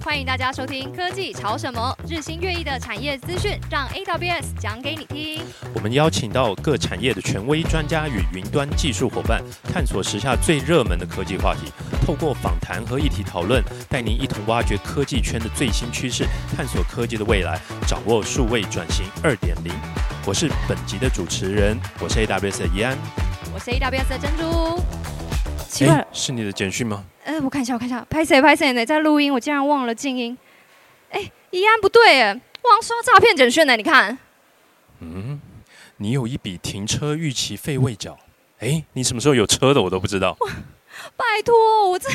歡迎大家收聽《科技潮什麼》，日新月異的產業資訊，讓 AWS 講給你聽。我們邀請到各產業的權威專家與雲端技術夥伴，探索時下最熱門的科技話題，透過訪談和議題討論，帶您一同挖掘科技圈的最新趨勢，探索科技的未來，掌握數位轉型二點零。我是本集的主持人，我是 AWS 的怡安，我是 AWS 的珍珠。奇怪、欸，是你的簡訊嗎？呃，我看一下，我看一下，拍謝，拍謝呢，在錄音，我竟然忘了靜音。哎、欸，宜安不對，哎、欸，網刷詐騙簡訊呢、欸？你看，嗯，你有一筆停車逾期費未繳。哎、欸，你什麼時候有車的？我都不知道。拜托，我這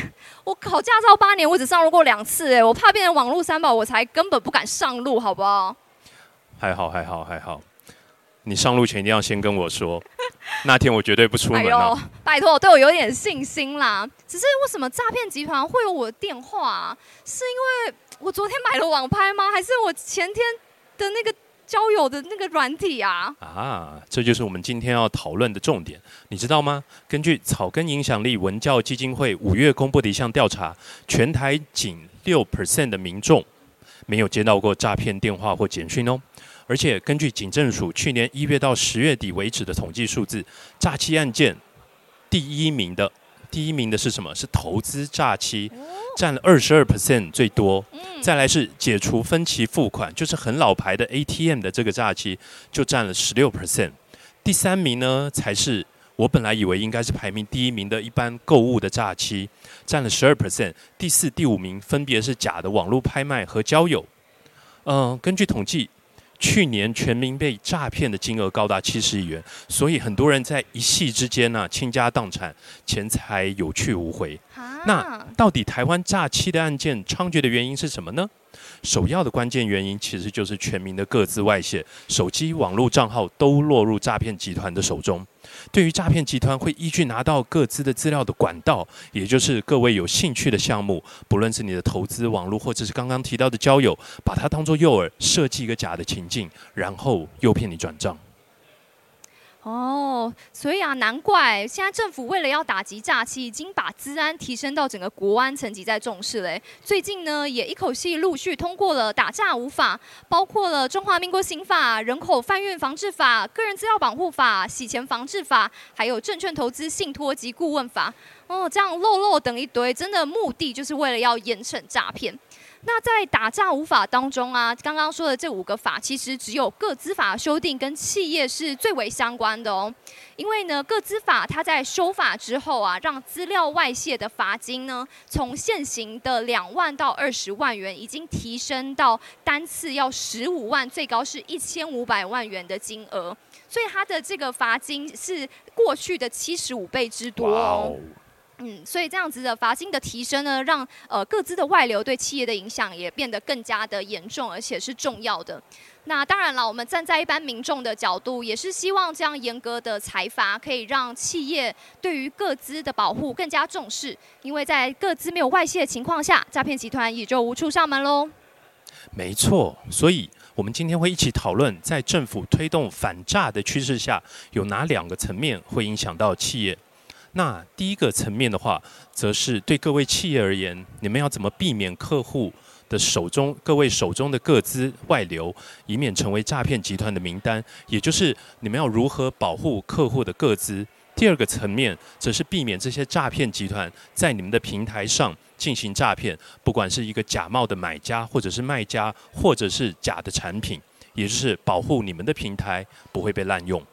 我考駕照八年，我只上路過兩次、欸。哎，我怕變成網路三寶，我才根本不敢上路，好不好？還好，還好，還好。你上路前一定要先跟我說。 那天我絕對不出門了。哎、拜託，對我有點信心啦。只是為什麼詐騙集團會有我的電話啊？是因為我昨天買了網拍嗎？還是我前天的那個交友的那個軟體啊？啊，這就是我們今天要討論的重點，你知道嗎？根據草根影響力文教基金會五月公布的一項調查，全台僅六 percent 的民眾沒有接到過詐騙電話或簡訊哦。而且根據警政署去年一月到十月底為止的統計數字，詐欺案件第一名的第一名的是什麼？是投資詐欺，占了二十二 percent 最多。再來是解除分期付款，就是很老牌的 ATM 的這個詐欺，就占了十六 percent。第三名呢，才是我本來以為應該是排名第一名的，一般購物的詐欺，占了十二 percent。第四、第五名分別是假的網絡拍賣和交友。嗯、呃，根據統計。去年全民被詐騙的金額高達七十億元，所以很多人在一夕之間呢、啊，傾家蕩產，錢財有去無回。那到底台灣詐欺的案件猖獗的原因是什麼呢？首要的關鍵原因，其實就是全民的個資外泄，手機、網絡賬號都落入詐騙集團的手中。對於詐騙集團，會依據拿到個資的資料的管道，也就是各位有興趣的項目，不論是你的投資、網絡或者是剛剛提到的交友，把它當作誘餌，設計一個假的情境，然後誘騙你轉賬。哦，所以啊，難怪現在政府為了要打擊詐欺，已經把資安提升到整個國安層級在重視嘞。最近呢，也一口氣陸續通過了《打詐五法》，包括了《中華民國刑法》《人口販運防制法》《個人資料保護法》《洗錢防制法》，還有《證券投資信託及顧問法》。哦，這樣漏漏等一堆，真的目的就是為了要嚴懲詐騙。那在《打詐五法》當中啊，剛剛說的這五個法，其實只有個資法修訂跟企業是最為相關的哦。因為呢，個資法它在修法之後啊，讓資料外洩的罰金呢，從現行的兩萬到二十萬元，已經提升到單次要十五萬，最高是一千五百萬元的金額。所以它的這個罰金是過去的七十五倍之多哦。Wow. 嗯，所以這樣子的罰金的提升呢，讓呃個資的外流對企業的影響也變得更加的嚴重，而且是重要的。那當然了，我們站在一般民眾的角度，也是希望這樣嚴格的裁罰可以讓企業對於個資的保護更加重視，因為在個資沒有外泄的情況下，詐騙集團也就無處上門嘍。沒錯，所以我們今天會一起討論，在政府推動反詐的趨勢下，有哪兩個層面會影響到企業。那第一個層面的話，則是對各位企業而言，你們要怎麼避免客戶的手中、各位手中的個資外流，以免成為詐騙集團的名單，也就是你們要如何保護客戶的個資。第二個層面，則是避免這些詐騙集團在你們的平台上進行詐騙，不管是一個假冒的買家，或者是賣家，或者是假的產品，也就是保護你們的平台不會被濫用。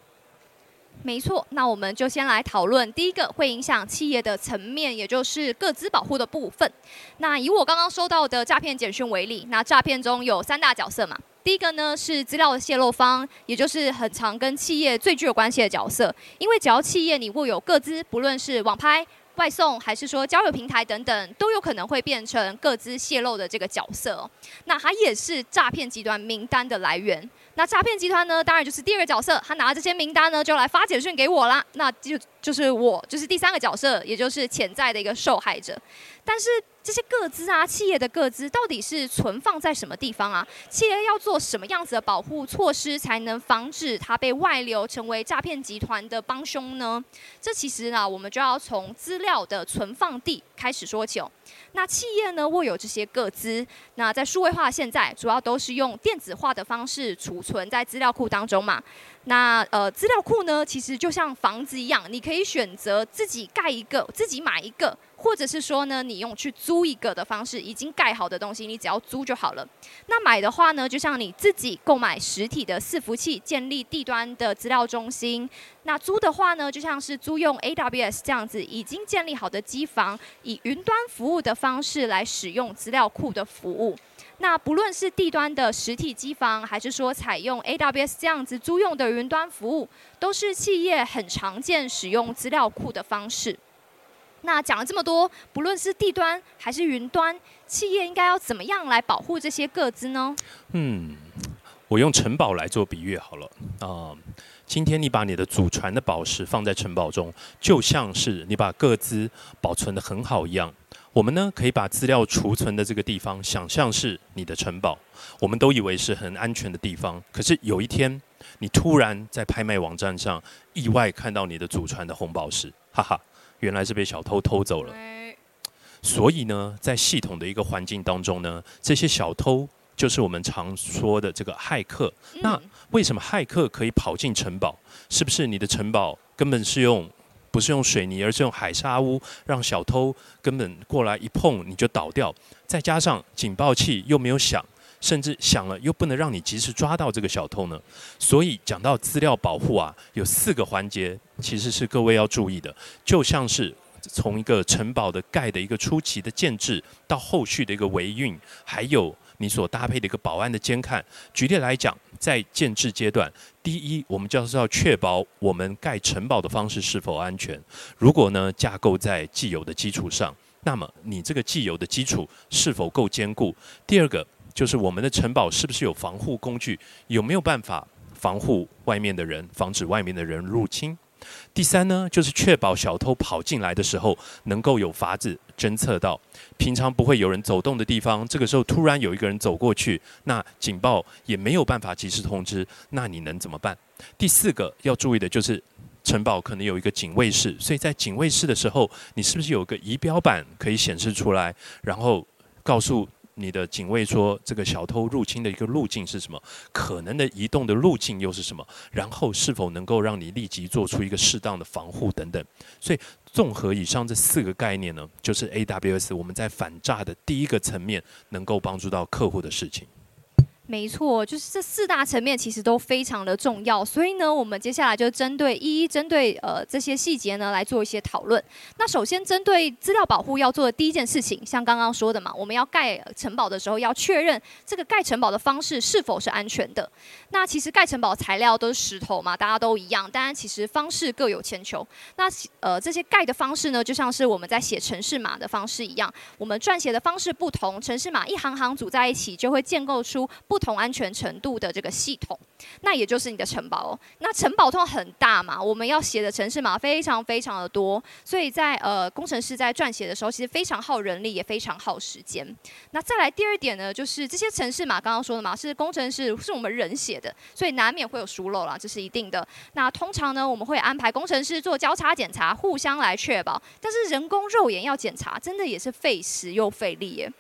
沒錯，那我們就先來討論第一個會影響企業的層面，也就是個資保護的部分。那以我剛剛收到的詐騙簡訊為例，那詐騙中有三大角色嘛。第一個呢是資料的泄露方，也就是很常跟企業最具有關係的角色，因為只要企業你握有個資，不論是網拍、外送，還是說交友平台等等，都有可能會變成個資泄露的這個角色。那它也是詐騙集團名單的來源。那詐騙集團呢，當然就是第二個角色，他拿了這些名單呢，就來發簡訊給我啦。那就就是我，就是第三個角色，也就是潛在的一個受害者，但是。這些個資啊，企業的個資到底是存放在什麼地方啊？企業要做什麼樣子的保護措施，才能防止它被外流，成為詐騙集團的幫凶呢？這其實呢、啊，我們就要從資料的存放地開始說起。那企業呢，握有這些個資，那在數位化現在，主要都是用電子化的方式儲存在資料庫當中嘛。那呃，資料庫呢，其實就像房子一樣，你可以選擇自己蓋一個，自己買一個。或者是說呢，你用去租一個的方式，已經蓋好的東西，你只要租就好了。那買的話呢，就像你自己購買實體的伺服器，建立地端的資料中心。那租的話呢，就像是租用 AWS 這樣子，已經建立好的機房，以雲端服務的方式來使用資料庫的服務。那不論是地端的實體機房，還是說採用 AWS 這樣子租用的雲端服務，都是企業很常見使用資料庫的方式。那講了這麼多，不論是地端還是雲端，企業應該要怎麼樣來保護這些個資呢？嗯，我用城堡來做比喻好了啊、呃。今天你把你的祖傳的寶石放在城堡中，就像是你把個資保存得很好一樣。我們呢，可以把資料儲存的這個地方想象是你的城堡，我們都以為是很安全的地方。可是有一天，你突然在拍賣網站上意外看到你的祖傳的紅寶石，哈哈，原來是被小偷偷走了。所以呢，在系統的一個環境當中呢，這些小偷就是我們常說的這個駭客。嗯。那為什麼駭客可以跑進城堡？是不是你的城堡根本是用？不是用水泥，而是用海沙屋，讓小偷根本過來一碰你就倒掉。再加上警報器又沒有響，甚至響了又不能讓你及時抓到這個小偷呢。所以講到資料保護啊，有四個環節其實是各位要注意的，就像是從一個城堡的蓋的一個初期的建制到後續的一個維運，還有你所搭配的一個保安的監看。舉例來講。在建制階段，第一，我們就是要確保我們蓋城堡的方式是否安全。如果呢，架構在既有的基礎上，那麼你這個既有的基礎是否夠堅固？第二個，就是我們的城堡是不是有防護工具？有沒有辦法防護外面的人，防止外面的人入侵？第三呢，就是確保小偷跑進來的時候能夠有法子偵測到，平常不會有人走動的地方，這個時候突然有一個人走過去，那警報也沒有辦法及時通知，那你能怎麼辦？第四個要注意的就是城堡可能有一個警衛室，所以在警衛室的時候，你是不是有一個儀表板可以顯示出來，然後告訴。你的警衛說，這個小偷入侵的一個路徑是什麼？可能的移動的路徑又是什麼？然後是否能夠讓你立即做出一個適當的防護等等？所以，綜合以上這四個概念呢，就是 AWS 我們在反詐的第一個層面能夠幫助到客戶的事情。沒錯，就是這四大層面其實都非常的重要，所以呢，我們接下來就針對一一針對呃這些細節呢來做一些討論。那首先，針對資料保護要做的第一件事情，像剛剛說的嘛，我們要蓋城堡的時候，要確認這個蓋城堡的方式是否是安全的。那其實蓋城堡材料都是石頭嘛，大家都一樣，但其實方式各有千秋。那呃，這些蓋的方式呢，就像是我們在寫程式碼的方式一樣，我們撰寫的方式不同，程式碼一行行組在一起，就會建構出不同安全程度的這個系統，那也就是你的城堡，哦。那城堡通常很大嘛，我們要寫的程式碼非常非常的多，所以在呃工程師在撰寫的時候，其實非常耗人力，也非常耗時間。那再來第二點呢，就是這些程式碼剛剛說的嘛，是工程師是我們人寫的，所以難免會有疏漏啦，這是一定的。那通常呢，我們會安排工程師做交叉檢查，互相來確保。但是人工肉眼要檢查，真的也是費時又費力耶。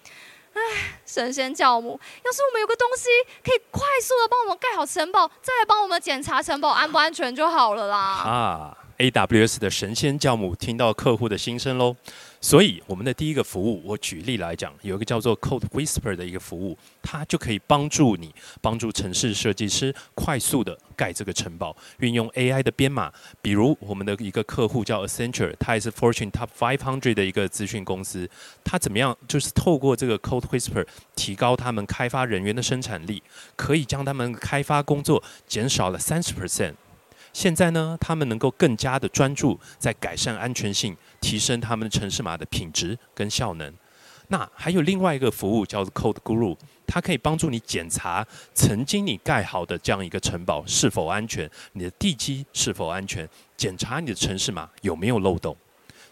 哎，神仙教母，要是我們有個東西可以快速的幫我們蓋好城堡，再來幫我們檢查城堡安不安全就好了啦！啊，AWS 的神仙教母聽到客戶的心聲嘍。所以，我們的第一個服務，我舉例來講，有一個叫做 CodeWhisperer 的一個服務，它就可以幫助你，幫助程式設計師快速地蓋這個城堡，運用 AI 的編碼。比如，我們的一個客戶叫 Accenture，它也是 Fortune Top 500的一個諮詢公司，它怎麼樣？就是透過這個 CodeWhisperer 提高他們開發人員的生產力，可以將他們開發工作減少了三十 percent。現在呢，他們能夠更加的專注在改善安全性，提升他們的程式碼的品質跟效能。那還有另外一個服務叫做 Code Guru，它可以幫助你檢查曾經你蓋好的這樣一個城堡是否安全，你的地基是否安全，檢查你的程式碼有沒有漏洞。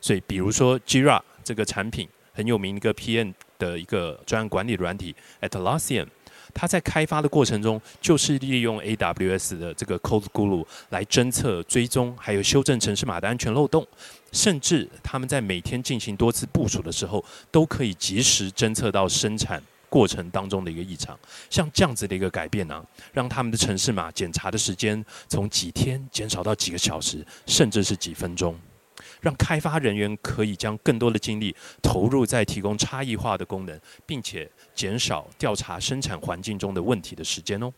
所以，比如說 Jira 這個產品很有名，一個 PM 的一個專案管理軟體 Atlassian。它在開發的過程中，就是利用 AWS 的這個 Code Guru 來偵測、追蹤，還有修正程式碼的安全漏洞。甚至他們在每天進行多次部署的時候，都可以及時偵測到生產過程當中的一個異常。像這樣子的一個改變呢、啊，讓他們的程式碼檢查的時間從幾天減少到幾個小時，甚至是幾分鐘。讓開發人員可以將更多的精力投入在提供差異化的功能，並且減少調查生產環境中的問題的時間哦。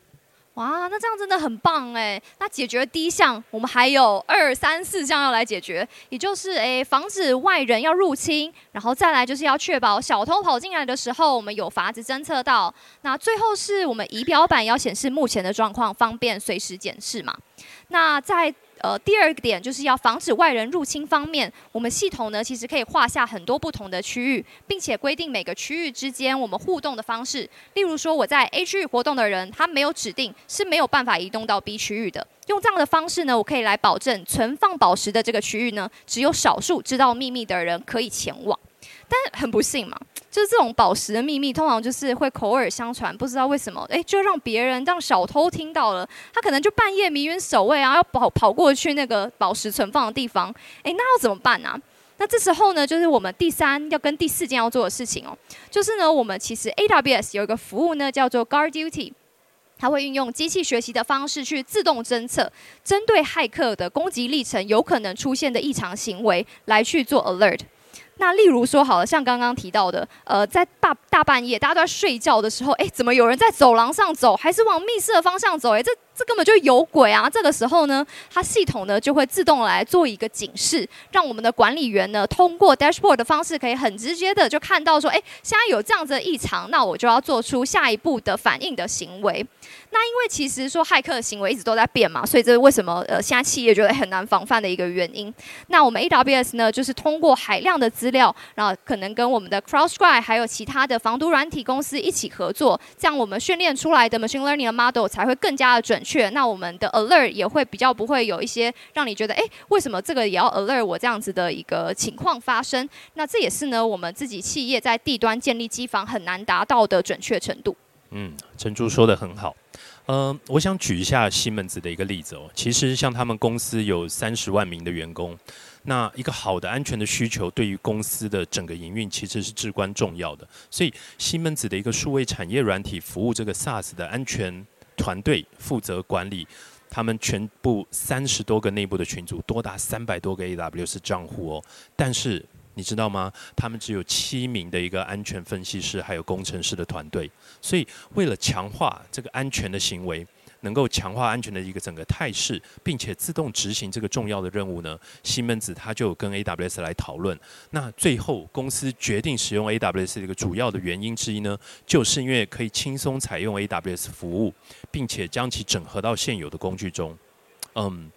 哇，那這樣真的很棒耶！那解決第一項，我們還有二三四項要來解決，也就是誒，防止外人要入侵，然後再來就是要確保小偷跑進來的時候，我們有法子偵測到。那最後是我們儀表板要顯示目前的狀況，方便隨時檢視嘛。那在。呃，第二個點就是要防止外人入侵方面，我們系統呢其實可以劃下很多不同的區域，並且規定每個區域之間我們互動的方式。例如說，我在 A 區域活動的人，他沒有指定是沒有辦法移動到 B 區域的。用這樣的方式呢，我可以來保證存放寶石的這個區域呢，只有少數知道秘密的人可以前往。但很不幸嘛，就是這種寶石的秘密通常就是會口耳相傳，不知道為什麼，誒、欸，就讓別人、讓小偷聽到了，他可能就半夜迷暈守衛啊，要跑跑過去那個寶石存放的地方，誒、欸，那要怎麼辦呢、啊？那這時候呢，就是我們第三要跟第四件要做的事情哦、喔，就是呢，我們其實 AWS 有一個服務呢，叫做 Guard Duty，它會運用機器學習的方式去自動偵測針對駭客的攻擊歷程有可能出現的異常行為，來去做 Alert。那例如說好了，像剛剛提到的，呃，在大大半夜大家都在睡覺的時候，哎，怎麼有人在走廊上走，還是往密室的方向走？哎，這這根本就有鬼啊！這個時候呢，它系統呢就會自動來做一個警示，讓我們的管理員呢通過 dashboard 的方式，可以很直接的就看到說，哎，現在有這樣子的異常，那我就要做出下一步的反應的行為。那因為其實說駭客的行為一直都在變嘛，所以這是為什麼呃，現在企業覺得很難防範的一個原因。那我們 AWS 呢，就是通過海量的資料，然、啊、後可能跟我們的 CrowdStrike 還有其他的防毒軟體公司一起合作，這樣我們訓練出來的 machine learning 的 model 才會更加的準確。那我們的 alert 也會比較不會有一些讓你覺得，哎、欸，為什麼這個也要 alert 我這樣子的一個情況發生？那這也是呢，我們自己企業在地端建立機房很難達到的準確程度。嗯，陳珠說得很好，呃，我想舉一下西門子的一個例子哦。其實像他們公司有三十萬名的員工，那一個好的安全的需求對於公司的整個營運其實是至關重要的。所以西門子的一個數位產業軟體服務這個 SaaS 的安全團隊負責管理他們全部三十多個內部的群組，多達三百多個 AWS 賬戶哦。但是你知道嗎？他們只有七名的一個安全分析師，還有工程師的團隊。所以，為了強化這個安全的行為，能夠強化安全的一個整個態勢，並且自動執行這個重要的任務呢，西門子他就跟 AWS 來討論。那最後公司決定使用 AWS 的一個主要的原因之一呢，就是因為可以輕鬆採用 AWS 服務，並且將其整合到現有的工具中。嗯。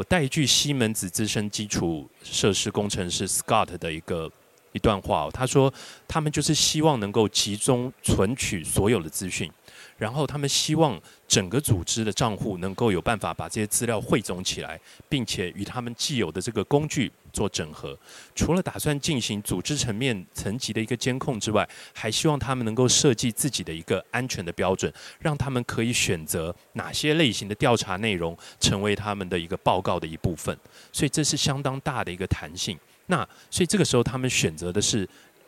我帶一句西門子資深基礎設施工程師 Scott 的一個。一段話，他說他們就是希望能夠集中存取所有的資訊，然後他們希望整個組織的賬戶能夠有辦法把這些資料匯總起來，並且與他們既有的這個工具做整合。除了打算進行組織層面層級的一個監控之外，還希望他們能夠設計自己的一個安全的標準，讓他們可以選擇哪些類型的調查內容成為他們的一個報告的一部分。所以這是相當大的一個彈性。那所以這個時候，他們選擇的是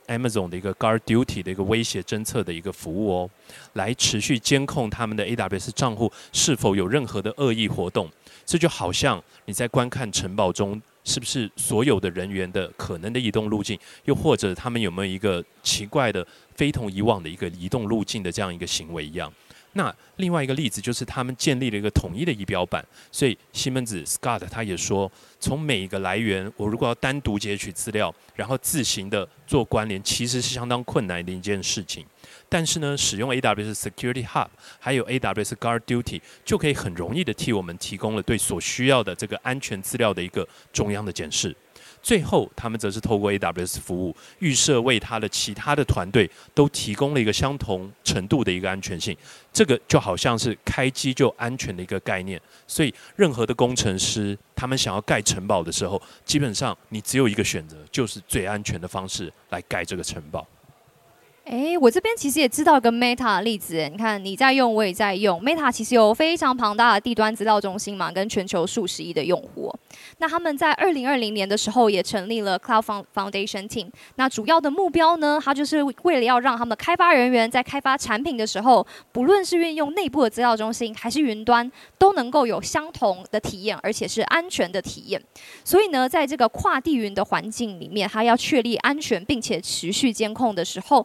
Amazon 的一個 Guard Duty 的一個威脅偵測的一個服務哦，來持續監控他們的 AWS 賬戶是否有任何的惡意活動。這就好像你在觀看城堡中，是不是所有的人員的可能的移動路徑，又或者他們有沒有一個奇怪的、非同以往的一個移動路徑的這樣一個行為一樣。那另外一個例子就是，他們建立了一個統一的儀表板。所以西門子 Scott 他也說，從每一個來源，我如果要單獨截取資料，然後自行的做關聯，其實是相當困難的一件事情。但是呢，使用 AWS Security Hub 還有 AWS Guard Duty 就可以很容易的替我們提供了對所需要的這個安全資料的一個中央的檢視。最後，他們則是透過 AWS 服務預設為他的其他的團隊都提供了一個相同程度的一個安全性，這個就好像是開機就安全的一個概念。所以，任何的工程師他們想要蓋城堡的時候，基本上你只有一個選擇，就是最安全的方式來蓋這個城堡。哎，我這邊其實也知道一個 Meta 的例子。你看你在用，我也在用。Meta 其實有非常龐大的地端資料中心嘛，跟全球數十億的用戶。那他們在二零二零年的時候也成立了 Cloud Foundation Team。那主要的目標呢，它就是為了要讓他們開發人員在開發產品的時候，不論是運用內部的資料中心還是雲端，都能夠有相同的體驗，而且是安全的體驗。所以呢，在這個跨地雲的環境裡面，它要確立安全並且持續監控的時候。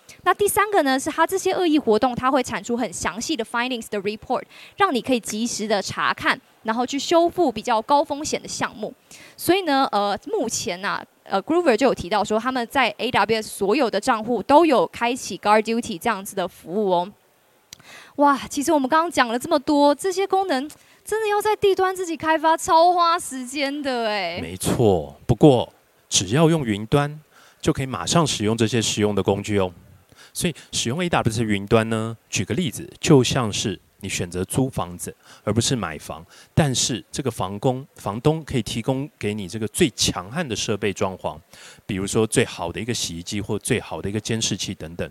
那第三個呢，是它這些惡意活動，它會產出很詳細的 findings 的 report，讓你可以及時的查看，然後去修復比較高風險的項目。所以呢，呃，目前呢、啊，呃，Groover 就有提到說，他們在 AWS 所有的賬戶都有開啟 Guard Duty 這樣子的服務哦。哇，其實我們剛剛講了這麼多，這些功能真的要在地端自己開發，超花時間的哎。沒錯，不過只要用雲端，就可以馬上使用這些實用的工具哦。所以使用 AWS 的雲端呢，舉個例子，就像是你選擇租房子而不是買房，但是這個房工房東可以提供給你這個最強悍的設備裝潢，比如說最好的一個洗衣機或最好的一個監視器等等。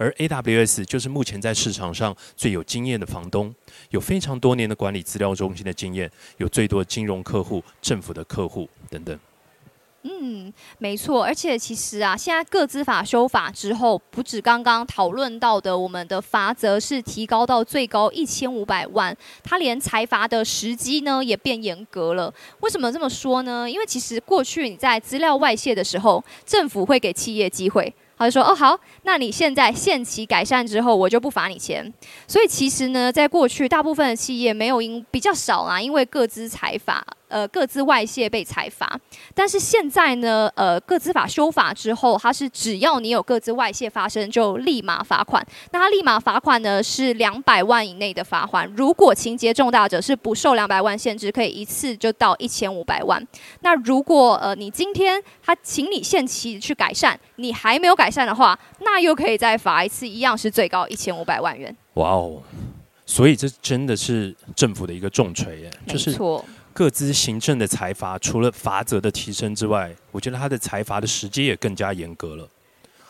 而 AWS 就是目前在市場上最有經驗的房東，有非常多年的管理資料中心的經驗，有最多金融客戶、政府的客戶等等。嗯，沒錯，而且其實啊，現在個資法修法之後，不止剛剛討論到的，我們的罰則是提高到最高一千五百萬，它連裁罰的時機呢也變嚴格了。為什麼這麼說呢？因為其實過去你在資料外洩的時候，政府會給企業機會。他就說：“哦，好，那你現在限期改善之後，我就不罰你錢。所以其實呢，在過去，大部分的企業沒有因比較少啊，因為個資裁罰，呃，個資外洩被裁罰。但是現在呢，呃，個資法修法之後，它是只要你有個資外洩發生，就立馬罰款。那他立馬罰款呢，是兩百萬以內的罰款。如果情節重大者，是不受兩百萬限制，可以一次就到一千五百萬。那如果呃，你今天他請你限期去改善。”你還沒有改善的話，那又可以再罰一次，一樣是最高一千五百萬元。哇哦！所以這真的是政府的一個重錘耶。沒錯。就是個資行政的裁罰，除了罰則的提升之外，我覺得他的裁罰的時機也更加嚴格了。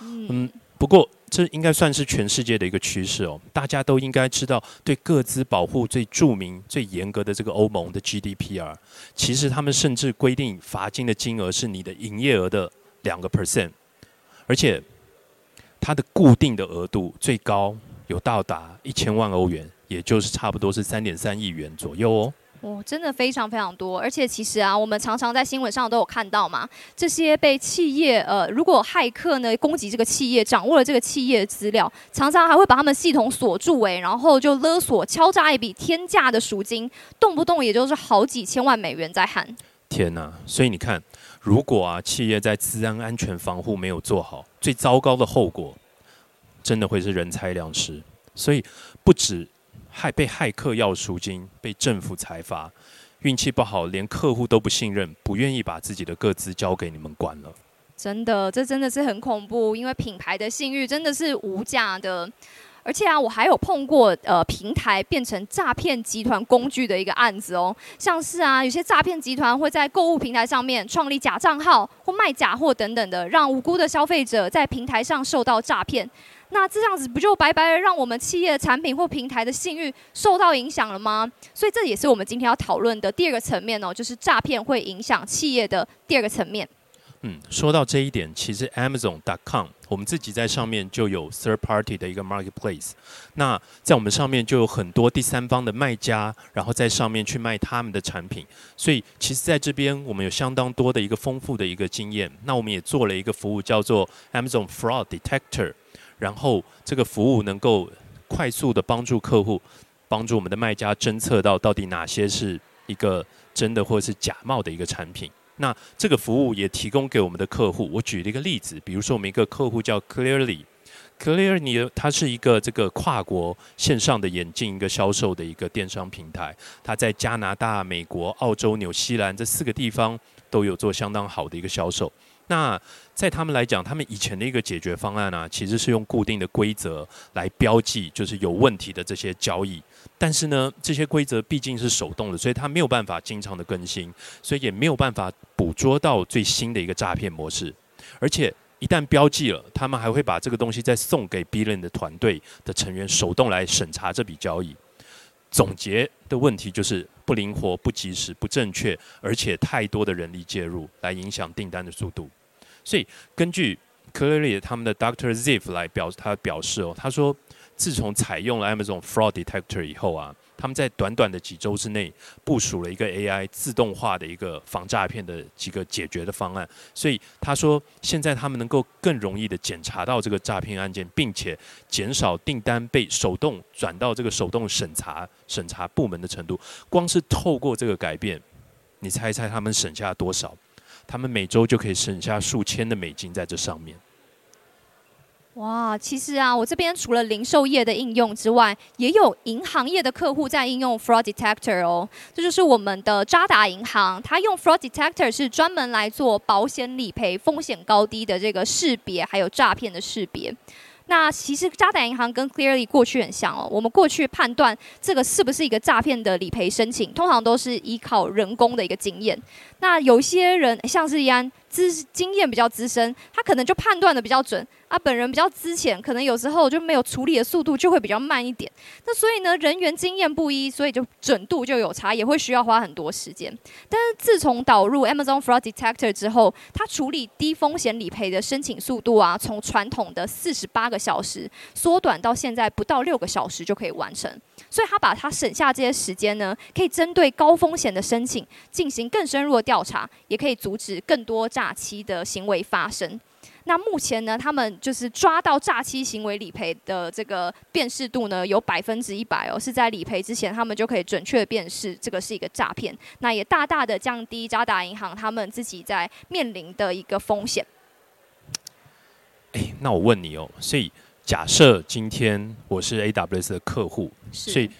嗯。嗯不過這應該算是全世界的一個趨勢哦。大家都應該知道，對個資保護最著名、最嚴格的這個歐盟的 GDPR，其實他們甚至規定罰金的金額是你的營業額的兩個 percent。而且，它的固定的額度最高有到達一千萬歐元，也就是差不多是三點三億元左右哦。哇，真的非常非常多。而且其實啊，我們常常在新聞上都有看到嘛，這些被企業呃，如果駭客呢攻擊這個企業，掌握了這個企業的資料，常常還會把他們系統鎖住哎，然後就勒索、敲詐一筆天價的贖金，動不動也就是好幾千萬美元在喊。天吶，所以你看。如果啊，企業在資安，安全防護沒有做好，最糟糕的後果，真的會是人財兩失。所以不止害被駭客要贖金，被政府裁罰，運氣不好連客戶都不信任，不願意把自己的個資交給你們管了。真的，這真的是很恐怖，因為品牌的信譽真的是無價的。而且啊，我還有碰過呃，平台變成詐騙集團工具的一個案子哦。像是啊，有些詐騙集團會在購物平台上面創立假賬號或賣假貨等等的，讓無辜的消費者在平台上受到詐騙。那這樣子不就白白讓我們企業產品或平台的信譽受到影響了嗎？所以這也是我們今天要討論的第二個層面哦，就是詐騙會影響企業的第二個層面。嗯，說到這一點，其實 Amazon.com 我們自己在上面就有 third party 的一個 marketplace，那在我們上面就有很多第三方的賣家，然後在上面去賣他們的產品。所以其實在這邊我們有相當多的一個豐富的一個經驗。那我們也做了一個服務叫做 Amazon Fraud Detector，然後這個服務能夠快速的幫助客戶，幫助我們的賣家偵測到到底哪些是一個真的或者是假冒的一個產品。那這個服務也提供給我們的客戶。我舉了一個例子，比如說我們一個客戶叫 Clearly，Clearly，它是一個這個跨國線上的眼鏡一個銷售的一個電商平台。它在加拿大、美國、澳洲、紐西蘭這四個地方都有做相當好的一個銷售。那在他們來講，他們以前的一個解決方案啊，其實是用固定的規則來標記，就是有問題的這些交易。但是呢，這些規則畢竟是手動的，所以它沒有辦法經常的更新，所以也沒有辦法捕捉到最新的一個詐騙模式。而且一旦標記了，他們還會把這個東西再送給 billing 的團隊的成員手動來審查這筆交易。總結的問題就是不靈活、不及時、不正確，而且太多的人力介入來影響訂單的速度。所以根據克雷里他們的 Dr. Ziff 來表他表示哦，他說。自從採用了 Amazon Fraud Detector 以後啊，他們在短短的幾周之內部署了一個 AI 自動化的一個防詐騙的幾個解決的方案。所以他說，現在他們能夠更容易的檢查到這個詐騙案件，並且減少訂單被手動轉到這個手動審查審查部門的程度。光是透過這個改變，你猜一猜他們省下多少？他們每周就可以省下數千的美金在這上面。哇，其實啊，我這邊除了零售業的應用之外，也有銀行業的客戶在應用 Fraud Detector 哦。這就是我們的渣打銀行，它用 Fraud Detector 是專門來做保險理賠風險高低的這個識別，還有詐騙的識別。那其實渣打銀行跟 Clearly 過去很像哦，我們過去判斷這個是不是一個詐騙的理賠申請，通常都是依靠人工的一個經驗。那有些人像是一樣，資經驗比較資深，他可能就判斷的比較準啊。本人比較資淺，可能有時候就沒有處理的速度就會比較慢一點。那所以呢，人員經驗不一，所以就準度就有差，也會需要花很多時間。但是自從導入 Amazon Fraud Detector 之後，他處理低風險理賠的申請速度啊，從傳統的四十八個小時縮短到現在不到六個小時就可以完成。所以他把他省下這些時間呢，可以針對高風險的申請進行更深入的調查，也可以阻止更多。詐欺的行為發生，那目前呢，他們就是抓到詐欺行為理賠的這個辨識度呢，有百分之一百哦，是在理賠之前，他們就可以準確辨識這個是一個詐騙，那也大大的降低渣打銀行他們自己在面臨的一個風險。哎，那我問你哦，所以假設今天我是 AWS 的客戶，所以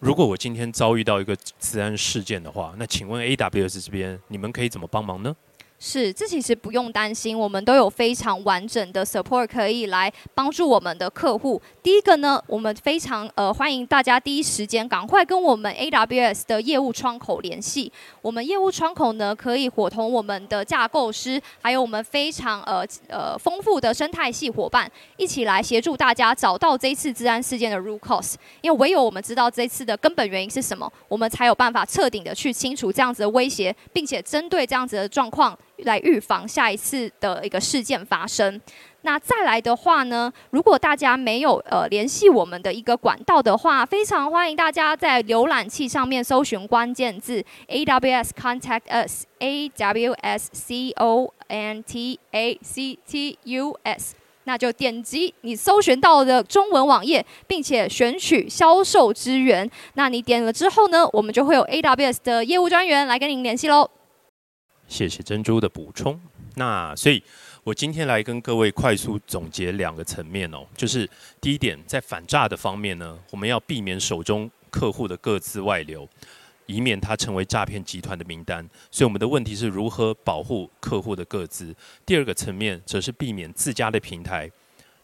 如果我今天遭遇到一個治安事件的話，那請問 AWS 這邊你們可以怎麼幫忙呢？是，這其實不用擔心，我們都有非常完整的 support 可以來幫助我們的客戶。第一個呢，我們非常呃歡迎大家第一時間趕快跟我們 AWS 的業務窗口聯繫。我們業務窗口呢，可以夥同我們的架構師，還有我們非常呃呃豐富的生態系夥伴，一起來協助大家找到這次資安事件的 root cause。因為唯有我們知道這次的根本原因是什麼，我們才有辦法徹底的去清除這樣子的威脅，並且針對這樣子的狀況。來預防下一次的一個事件發生。那再來的話呢，如果大家沒有呃聯繫我們的一個管道的話，非常歡迎大家在瀏覽器上面搜尋關鍵字 AWS Contact Us，AWS C O N T A C T U S。那就點擊你搜尋到的中文網頁，並且選取銷售支援。那你點了之後呢，我們就會有 AWS 的業務專員來跟您聯繫嘍。謝謝珍珠的補充。那所以，我今天來跟各位快速總結兩個層面哦，就是第一點，在反詐的方面呢，我們要避免手中客戶的個資外流，以免它成為詐騙集團的名單。所以我們的問題是如何保護客戶的個資。第二個層面，則是避免自家的平台、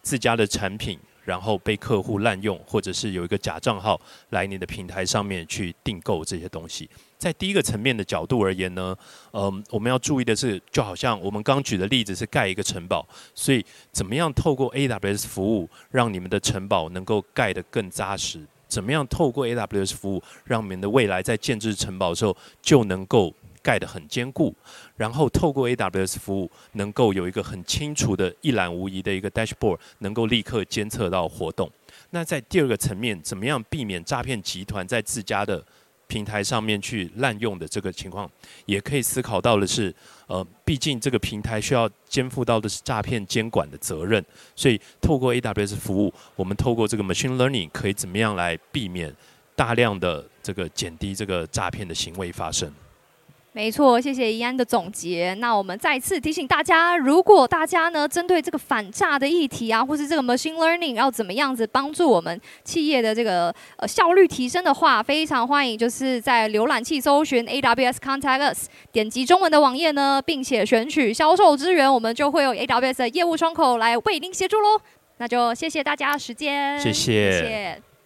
自家的產品。然後被客戶濫用，或者是有一個假賬號來你的平台上面去訂購這些東西。在第一個層面的角度而言呢，嗯、呃，我們要注意的是，就好像我們剛舉的例子是蓋一個城堡，所以怎麼樣透過 AWS 服務讓你們的城堡能夠蓋得更紮實？怎麼樣透過 AWS 服務讓你們的未來在建置城堡的時候，就能夠？蓋得很堅固，然後透過 AWS 服務能夠有一個很清楚的、一覽無遺的一個 dashboard，能夠立刻監測到活動。那在第二個層面，怎麼樣避免詐騙集團在自家的平台上面去濫用的這個情況，也可以思考到的是，呃，畢竟這個平台需要肩負到的是詐騙監管的責任，所以透過 AWS 服務，我們透過這個 machine learning 可以怎麼樣來避免大量的這個減低這個詐騙的行為發生。沒錯，謝謝伊安的總結。那我們再次提醒大家，如果大家呢，針對這個反詐的議題啊，或是這個 machine learning 要怎麼樣子幫助我們企業的這個呃效率提升，的話，非常歡迎就是在瀏覽器搜尋 AWS Contact Us，點擊中文的網頁呢，並且選取銷售資源，我們就會有 AWS 的業務窗口來為您協助嘍。那就謝謝大家時間，謝謝。謝謝。